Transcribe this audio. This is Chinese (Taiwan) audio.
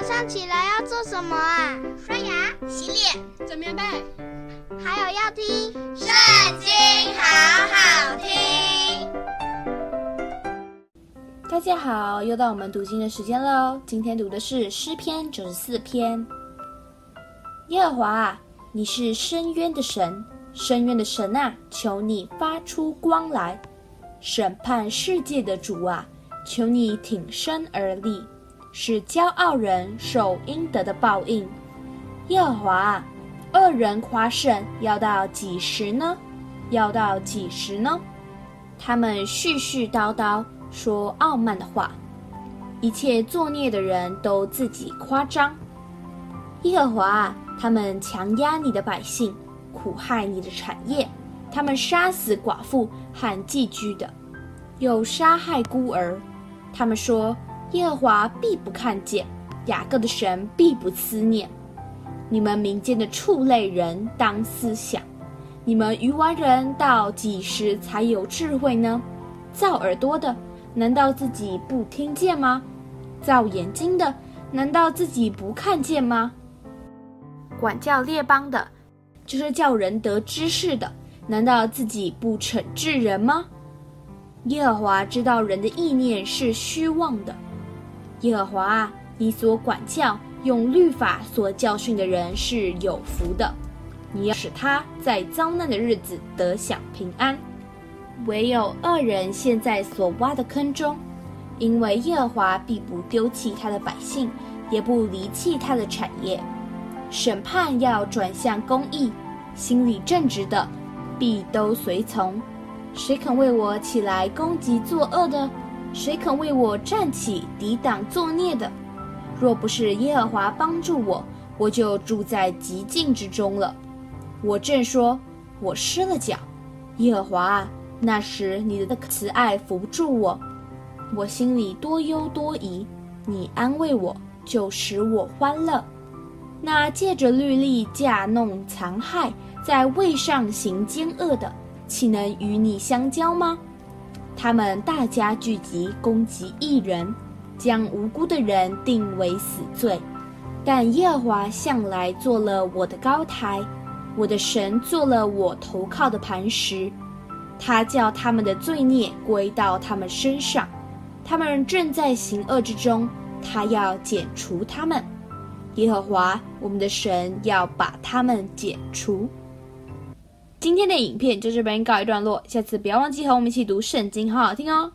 早上起來要做什麼啊？刷牙、洗臉、整棉被，還有要聽《聖經》，好好聽。大家好，又到我們讀經的時間了。今天讀的是詩篇九十四篇。耶和華，你是伸冤的神，伸冤的神啊，求你發出光來，審判世界的主啊，求你挺身而立。使驕傲人受應得的報應。耶和華啊，惡人誇勝要到幾時呢？要到幾時呢？他們絮絮叨叨說傲慢的話，一切作孽的人都自己誇張。耶和華啊，他們強壓你的百姓，苦害你的產業，他們殺死寡婦和寄居的，又殺害孤兒。他們說。耶和華必不看見，雅各的神必不思念。你們民間的畜類人當思想，你們愚頑人到幾時才有智慧呢？造耳朵的，難道自己不聽見嗎？造眼睛的，難道自己不看見嗎？管教列邦的，就是叫人得知識的，難道自己不懲治人嗎？耶和華知道人的意念是虛妄的。耶和華啊，你所管教、用律法所教訓的人是有福的。你要使他在遭難的日子得享平安。唯有惡人陷在所挖的坑中，因為耶和華必不丟棄他的百姓，也不離棄他的產業。審判要轉向公義，心裡正直的必都隨從。誰肯為我起來攻擊作惡的？誰肯為我站起，抵擋作孽的？若不是耶和華幫助我，我就住在寂靜之中了。我正說，我失了腳，耶和華啊，那時你的慈愛扶助我。我心裡多憂多疑，你安慰我，就使我歡樂。那借着律例架弄殘害，在位上行奸惡的，豈能與你相交嗎？他們大家聚集攻擊義人，將無辜的人定為死罪。但耶和華向來做了我的高台，我的神做了我投靠的磐石。他叫他們的罪孽歸到他們身上，他們正在行惡之中，他要剪除他們。耶和華我們的神要把他們剪除。今天的影片就這邊告一段落，下次不要忘記和我們一起讀聖經，好好聽哦。